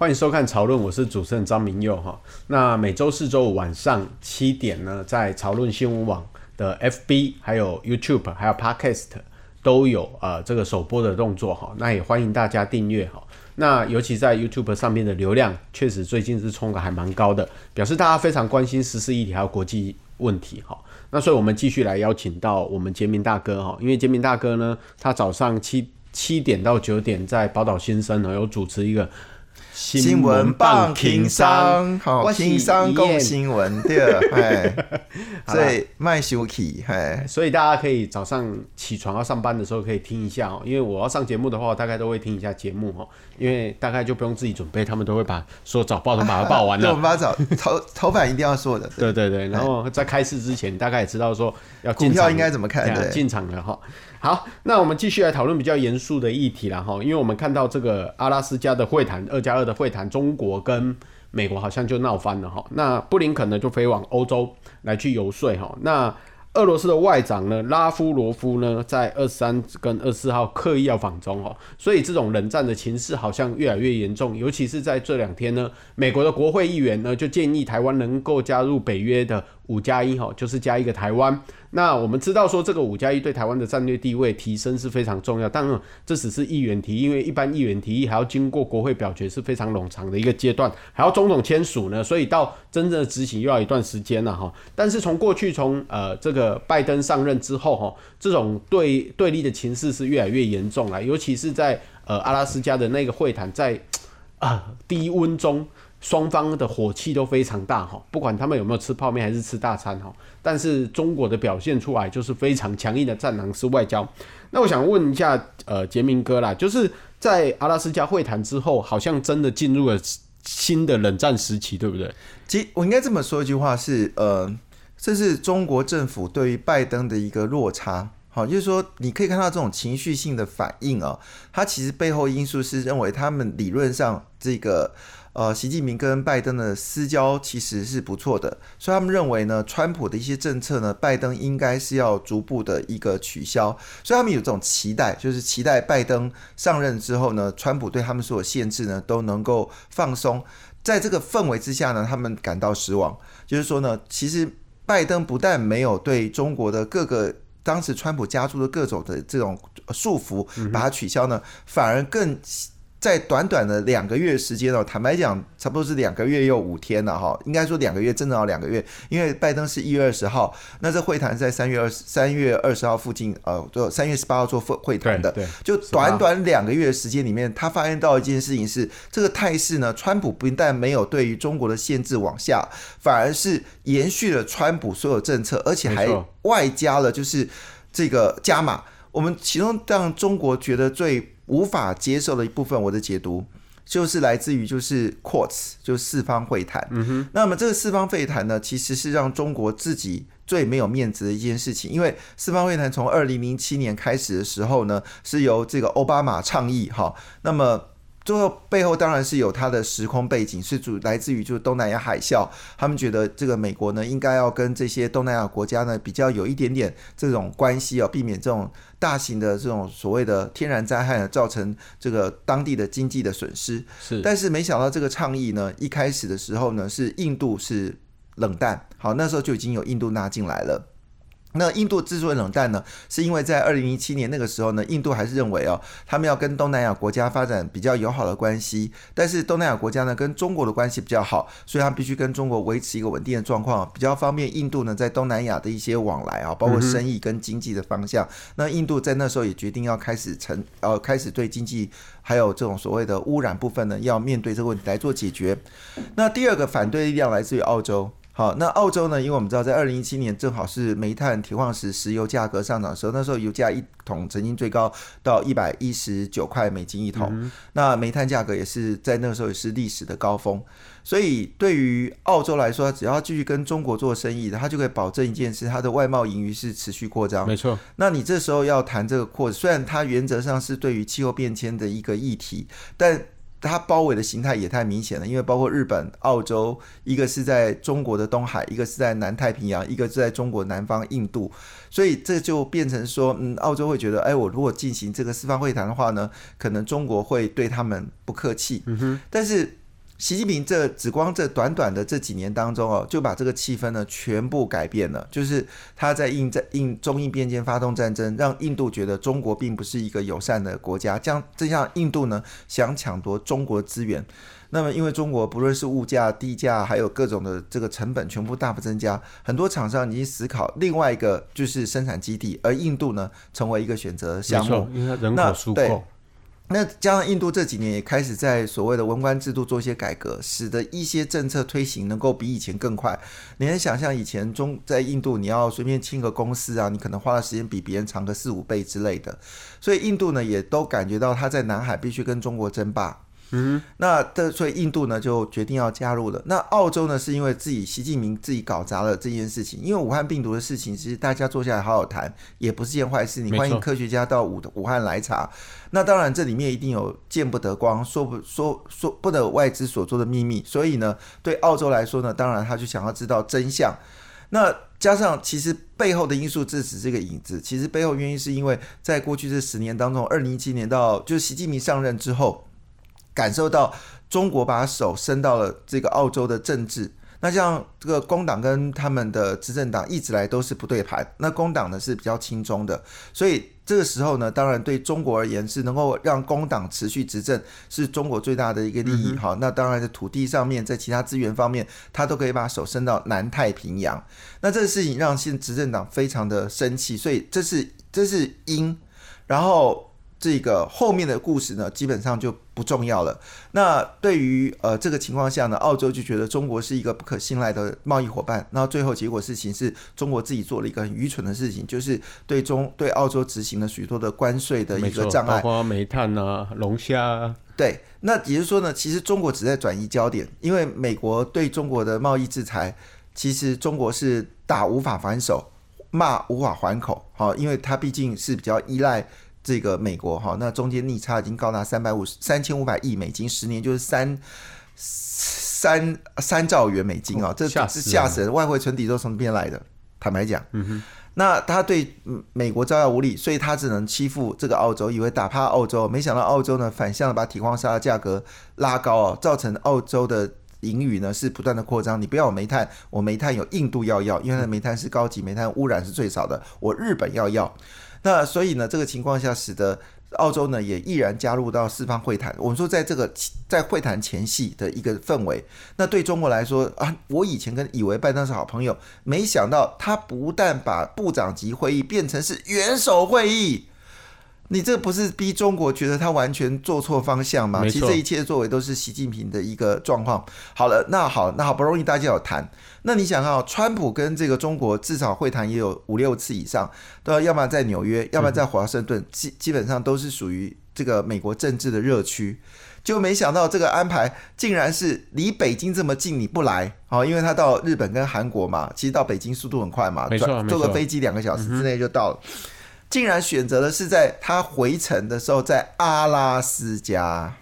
歡迎收看《潮論》，我是主持人張明佑哈。那每周四、周五晚上七點呢，在《潮論新聞網》的 FB、還有 YouTube、還有 Podcast 都有呃這個首播的動作哈。那也歡迎大家訂閱哈。那尤其在 YouTube 上面的流量確實最近是衝的還蠻高的，表示大家非常關心時事議題還有國際問題哈。那所以我們繼續來邀請到我們傑明大哥哈，因為傑明大哥呢，他早上七七點到九點在寶島新聲呢有主持一個。新聞棒聽商，好聽商講新聞，嗯、對， 所以賣修氣，嘿，所以大家可以早上起床要上班的時候可以聽一下哦，因為我要上節目的話，大概都會聽一下節目哦，因為大概就不用自己準備，他們都會把說早報都把它報完了，啊、對，我們把早頭、頭版一定要說的，對對對、對，然後在開市之前，大概也知道說要場股票應該怎麼看進、啊、場了哈，好，那我們繼續來討論比較嚴肅的議題了哈，因為我們看到這個阿拉斯加的會談加二的會談，中國跟美國好像就鬧翻了哈。那布林肯呢就飛往歐洲來去遊說哈。那俄羅斯的外長呢拉夫羅夫呢在二三跟二四號刻意要訪中哦，所以這種冷戰的情勢好像越來越嚴重。尤其是在這兩天呢，美國的國會議員呢就建議台灣能夠加入北約的。五加一哈，就是加一個台灣。那我們知道說，這個五加一對台灣的戰略地位提升是非常重要。但這只是議員提議，因為一般議員提議還要經過國會表決是非常冗長的一個階段，還要總統簽署呢，所以到真正執行又要一段時間了哈。但是從過去從呃這個拜登上任之後哈，這種對對立的情勢是越來越嚴重了，尤其是在呃阿拉斯加的那個會談在啊、呃、低溫中。雙方的火氣都非常大哈，不管他們有沒有吃泡麵還是吃大餐哈，但是中國的表現出來就是非常強硬的戰狼式外交。那我想問一下，呃，傑明哥啦，就是在阿拉斯加會談之後，好像真的進入了新的冷戰時期，對不對？其實我應該這麼說一句話是，呃，這是中國政府對於拜登的一個落差。好，就是說，你可以看到這種情緒性的反應啊，他其實背後因素是認為他們理論上這個呃，習近平跟拜登的私交其實是不錯的，所以他們認為呢，川普的一些政策呢，拜登應該是要逐步的一個取消，所以他們有這種期待，就是期待拜登上任之後呢，川普對他們所有限制呢都能夠放鬆，在這個氛圍之下呢，他們感到失望，就是說呢，其實拜登不但沒有對中國的各個。當時川普加諸的各種的這種束縛，把它取消呢。嗯哼，反而更。在短短的兩個月時間哦，坦白講，差不多是兩個月又五天了哈。應該說兩個月，真的要兩個月，因為拜登是一月二十號，那這會談是在三月二三月二十號附近，呃，就三月十八號做會會談的。對對，就短短兩個月時間裡面，啊，他發現到一件事情是，這個態勢呢，川普不但沒有對於中國的限制往下，反而是延續了川普所有政策，而且還外加了就是這個加碼。我們其中讓中國覺得最。無法接受的一部分，我的解讀就是來自於就是 QUAD 就是四方會談，嗯。那麼這個四方會談呢，其實是讓中國自己最沒有面子的一件事情，因為四方會談從二零零七年開始的時候呢，是由這個奧巴馬倡議哈，那麼。最後背後當然是有它的時空背景，是主來自於就是東南亞海嘯，他們覺得這個美國呢應該要跟這些東南亞國家呢比較有一點點這種關係哦，避免這種大型的這種所謂的天然災害呢造成這個當地的經濟的損失。是，但是沒想到這個倡議呢一開始的時候呢是印度是冷淡，好那時候就已經有印度納進來了。那印度之所以冷淡呢，是因為在二零一七年那個時候呢，印度還是認為哦，他們要跟東南亞國家發展比較友好的關係，但是東南亞國家呢跟中國的關係比較好，所以他必須跟中國維持一個穩定的狀況，比較方便印度呢在東南亞的一些往來啊、哦，包括生意跟經濟的方向、嗯。那印度在那時候也決定要開始成呃開始對經濟還有這種所謂的污染部分呢，要面對這個問題來做解決。那第二個反對力量來自於澳洲。好，那澳洲呢？因為我們知道，在二零一七年正好是煤炭、鐵礦石、石油價格上漲的時候，那時候油價一桶曾經最高到一百一十九塊美金一桶，嗯嗯。那煤炭價格也是在那個時候也是歷史的高峰。所以對於澳洲來說，只要繼續跟中國做生意，它就可以保證一件事：它的外貿盈餘是持續擴張。沒錯，那你這時候要談這個擴，雖然它原則上是對於氣候變遷的一個議題，但。它包圍的形態也太明顯了，因為包括日本、澳洲，一個是在中國的東海，一個是在南太平洋，一個是在中國南方印度，所以這就變成說，嗯，澳洲會覺得，哎、欸，我如果進行這個四方會談的話呢，可能中國會對他們不客氣。嗯哼，但是。習近平這只光這短短的這幾年當中哦，就把這個氣氛呢全部改變了。就是他在印在印中印邊界發動戰爭，讓印度覺得中國並不是一個友善的國家，這樣印度呢想搶奪中國資源。那麼因為中國不論是物價、地價還有各種的這個成本全部大幅增加，很多廠商已經思考另外一個就是生產基地，而印度呢成為一個選擇項目，因為人口夠。那加上印度這幾年也開始在所謂的文官制度做一些改革，使得一些政策推行能夠比以前更快。你能想象以前中在印度你要隨便清個公司啊，你可能花的時間比別人長個四五倍之類的。所以印度呢也都感覺到他在南海必須跟中國爭霸。嗯，那這所以印度呢就決定要加入了。那澳洲呢是因為自己習近平自己搞砸了這件事情，因為武漢病毒的事情，其實大家坐下來好好談也不是件壞事。你歡迎科學家到武武漢來查，那當然這裡面一定有見不得光，說不說說不得外資所做的秘密。所以呢，對澳洲來說呢，當然他就想要知道真相。那加上其實背後的因素，致使這個影子。其實背後原因是因為在過去這十年當中，二零一七年到就是習近平上任之後。感受到中國把手伸到了這個澳洲的政治，那像這個工黨跟他們的執政黨一直來都是不對盤，那工黨呢是比較親中的。所以這個時候呢，當然對中國而言是能夠讓工黨持續執政，是中國最大的一個利益，嗯。好，那當然在土地上面，在其他資源方面，他都可以把手伸到南太平洋。那這個事情讓現執政黨非常的生氣，所以這是這是因，然後，這個後面的故事呢，基本上就不重要了。那對於呃這個情況下呢，澳洲就覺得中國是一個不可信賴的貿易夥伴。那最後結果事情是中國自己做了一個很愚蠢的事情，就是對中對澳洲執行了許多的關稅的一個障礙，包括煤炭啊、龍蝦。對，那也就是說呢，其實中國只在轉移焦點，因為美國對中國的貿易制裁，其實中國是打無法還手，罵無法還口，好、哦，因為它畢竟是比較依賴。這個美國哈，那中間逆差已經高達三百五十三千五百億美金，十年就是三三三兆元美金啊，這這嚇死人！外匯存底都從這邊來的。坦白講，嗯、哼那他對美國招搖無力，所以他只能欺負這個澳洲，以為打趴澳洲，沒想到澳洲呢反向的把鐵礦砂的價格拉高，造成澳洲的盈餘呢是不斷的擴張。你不要我煤炭，我煤炭有印度要要，因為那煤炭是高級煤炭，汙染是最少的。我日本要要。那所以呢，這個情況下使得澳洲呢也毅然加入到四方會談。我們說，在這個在會談前夕的一個氛圍，那對中國來說啊，我以前跟以為拜登是好朋友，沒想到他不但把部長級會議變成是元首會議。你這不是逼中國覺得他完全做錯方向嗎？其實這一切作為都是習近平的一個狀況。好了，那好，那好不容易大家有談，那你想啊，哦，川普跟這個中國至少會談也有五六次以上，對，要麼在紐約，要麼在華盛頓，基,嗯、基本上都是屬於這個美國政治的熱區。就沒想到這個安排竟然是離北京這麼近，你不來？好，哦，因為他到日本跟韓國嘛，其實到北京速度很快嘛，啊，坐個飛機兩個小時之內，嗯、就到了。竟然選擇的是在他回程的時候，在阿拉斯加。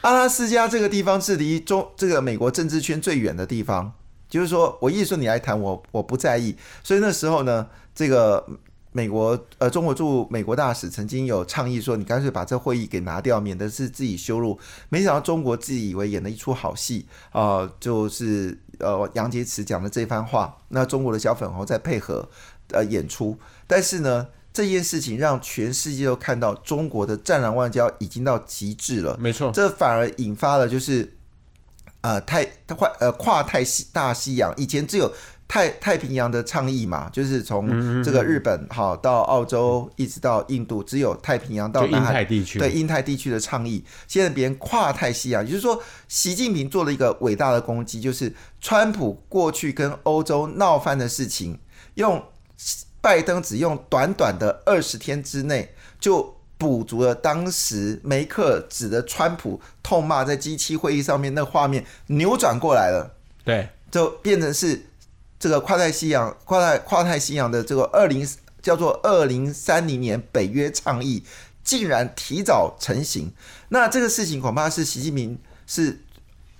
阿拉斯加這個地方是離中這個美國政治圈最遠的地方，就是說我一直說你來談我，我不在意。所以那時候呢，這個美國呃中國駐美國大使曾經有倡議說，你乾脆把這會議給拿掉，免得是自己羞辱。沒想到中國自己以為演了一齣好戲啊，就是呃楊潔篪講的這番話，那中國的小粉紅在配合。呃，演出，但是呢，這件事情讓全世界都看到中國的戰狼外交已經到極致了。沒錯，這反而引發了就是，呃，太呃跨太西大西洋，以前只有太太平洋的倡議嘛，就是從這個日本好、嗯嗯哦、到澳洲、嗯，一直到印度，只有太平洋到印太地區，對印太地區的倡議。現在別人跨太西洋，也就是說，習近平做了一個偉大的攻擊，就是川普過去跟歐洲鬧翻的事情用。拜登只用短短的二十天之內，就補足了當時梅克指的川普痛罵在 G7 會議上面那畫面扭轉過來了，對，就變成是這個跨大西洋、跨大跨大西洋的這個二零叫做二零三零年北約倡議竟然提早成型，那這個事情恐怕是習近平是，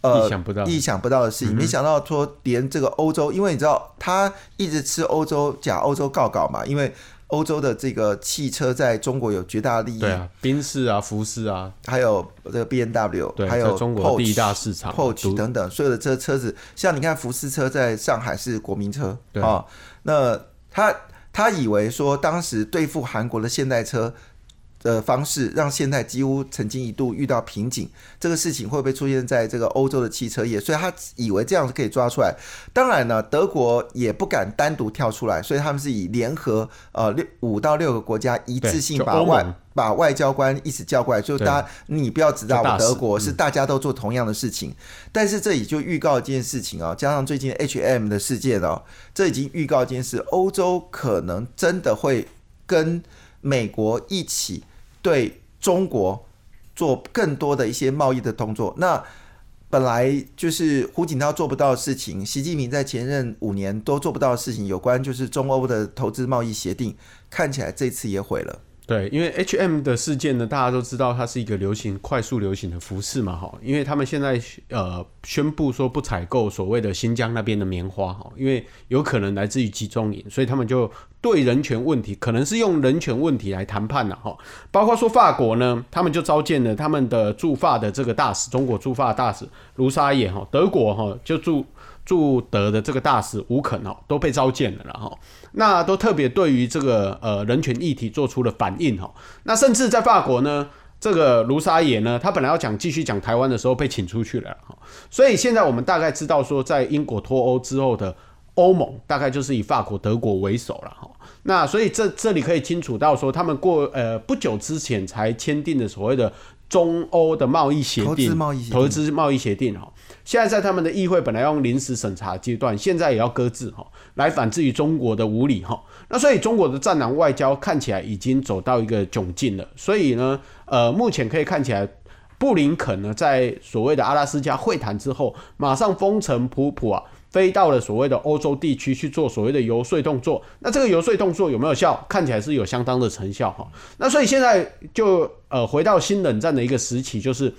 呃、意想不到、意想不到的事情，嗯、沒想到說連這個歐洲，因為你知道他一直吃歐洲，假歐洲告告嘛，因為歐洲的這個汽車在中國有絕大利益，對啊，賓士啊、福斯啊，還有這個 B N W，對還有 Porge, 在中國的第一大市場，Porge、等等，所有的這車子，像你看福斯車，在上海是國民車，對啊、哦，那他他以為說當時對付韓國的現代車的方式讓現在幾乎曾經一度遇到瓶頸，這個事情會不會出現在這個歐洲的汽車業？所以他以為這樣可以抓出來。當然呢，德國也不敢單獨跳出來，所以他們是以聯合呃六五到六個國家一次性把外把外交官一起叫過來，就大家你不要只知道我們德國，是大家都做同樣的事情。嗯、但是這裡就預告一件事情哦，加上最近 H M 的事件哦，這已經預告一件事：歐洲可能真的會跟美國一起，對中國做更多的一些貿易的動作，那本來就是胡錦濤做不到的事情，習近平在前任五年都做不到的事情，有關就是中歐的投資貿易協定，看起來，這次也毀了。對，因為 H&M 的事件呢，大家都知道它是一個流行、快速流行的服飾嘛，因為他們現在呃。宣布說不採購所謂的新疆那邊的棉花哈，因為有可能來自於集中營，所以他們就對人權問題可能是用人權問題來談判了哈。包括說法國呢，他們就召見了他們的駐法的這個大使，中國駐法的大使盧沙野，德國哈就駐駐德的這個大使吳肯都被召見了，然後那都特別對於這個呃人權議題做出了反應哈。那甚至在法國呢。這個盧沙野呢，他本來要講繼續講台灣的時候，被請出去了所以了。所以現在我們大概知道說，在英國脫歐之後的歐盟，大概就是以法國、德國為首了那首了。那所以這這裡可以清楚到說，他們過呃不久之前才簽訂的所謂的。中歐的貿易協定，投資貿易協定哈，現在在他們的議會本來要用臨時審查階段，現在也要擱置哈，來反制於中國的無理哈，那所以中國的戰狼外交看起來已經走到一個窘境，了，所以呢，呃，目前可以看起來，布林肯呢在所謂的阿拉斯加會談之後，馬上風塵僕僕啊。飛到了所謂的歐洲地區去做所謂的游說動作，那這個游說動作有沒有效？看起來是有相當的成效哈。那所以現在就呃回到新冷戰的一個時期，就是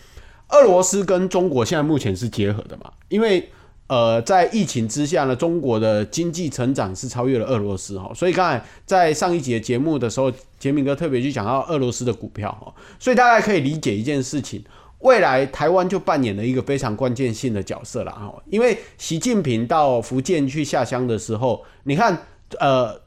俄羅斯跟中國現在目前是結合的嘛？因為呃在疫情之下呢，中國的經濟成長是超越了俄羅斯哈。所以剛才在上一節節目的時候，杰明哥特別去講到俄羅斯的股票哈，所以大家可以理解一件事情。未來台灣就扮演了一個非常關鍵性的角色了哈，因為習近平到福建去下鄉的時候，你看，呃，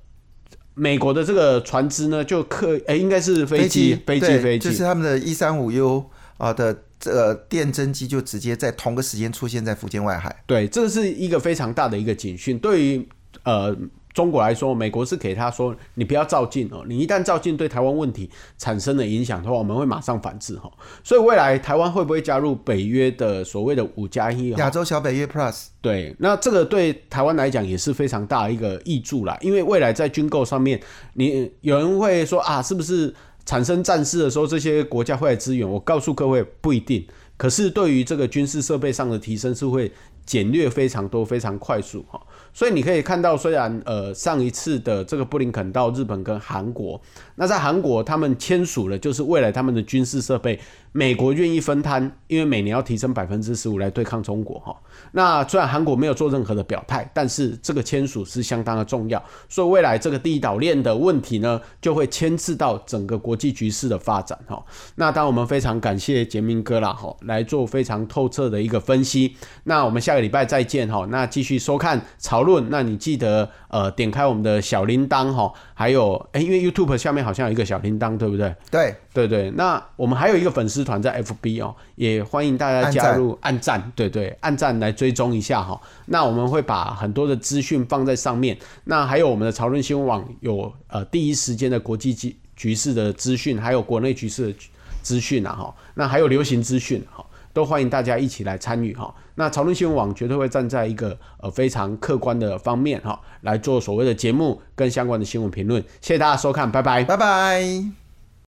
美國的這個船只呢就客，哎、欸，應該是飛機，飛機，飛機，就是他們的一三五 U 啊的這個、呃、電偵機就直接在同個時間出現在福建外海，對，這是一個非常大的一個警訊，對於呃。中國來說，美國是給他說，你不要照進哦，你一旦照進對台灣問題產生的影響的話，我們會馬上反制哈。所以未來台灣會不會加入北約的所謂的五加一？亞洲小北約 Plus？對，那這個對台灣來講也是非常大的一個益處啦。因為未來在軍購上面，你有人會說啊，是不是產生戰事的時候，這些國家會來支援？我告訴各位，不一定。可是對於這個軍事設備上的提升，是會。簡略非常多，非常快速哈，所以你可以看到，雖然呃上一次的這個布林肯到日本跟韓國。那在韓國，他們簽署了，就是未來他們的軍事設備，美國願意分攤，因為每年要提升百分之十五來對抗中國哈。那雖然韓國沒有做任何的表態，但是這個簽署是相當的重要，所以未來這個第一島鏈的問題呢，就會牽制到整個國際局勢的發展哈。那當然我們非常感謝傑明哥啦哈，來做非常透徹的一個分析。那我們下個禮拜再見哈。那繼續收看潮論，那你記得呃點開我們的小鈴鐺哈，還有哎，因為 YouTube 下面。好像有一個小鈴鐺，對不對？對對對。那我們還有一個粉絲團在 FB 哦，也歡迎大家加入按讚，對對按讚，來追蹤一下哈、哦。那我們會把很多的資訊放在上面。那還有我們的潮論新聞網有呃第一時間的國際局局勢的資訊，還有國內局勢的資訊啊哈。那還有流行資訊哈，都歡迎大家一起來參與哈。那潮論新聞網絕對會站在一個呃非常客觀的方面哈來做所謂的節目跟相關的新聞評論，謝謝大家收看，拜拜，拜拜。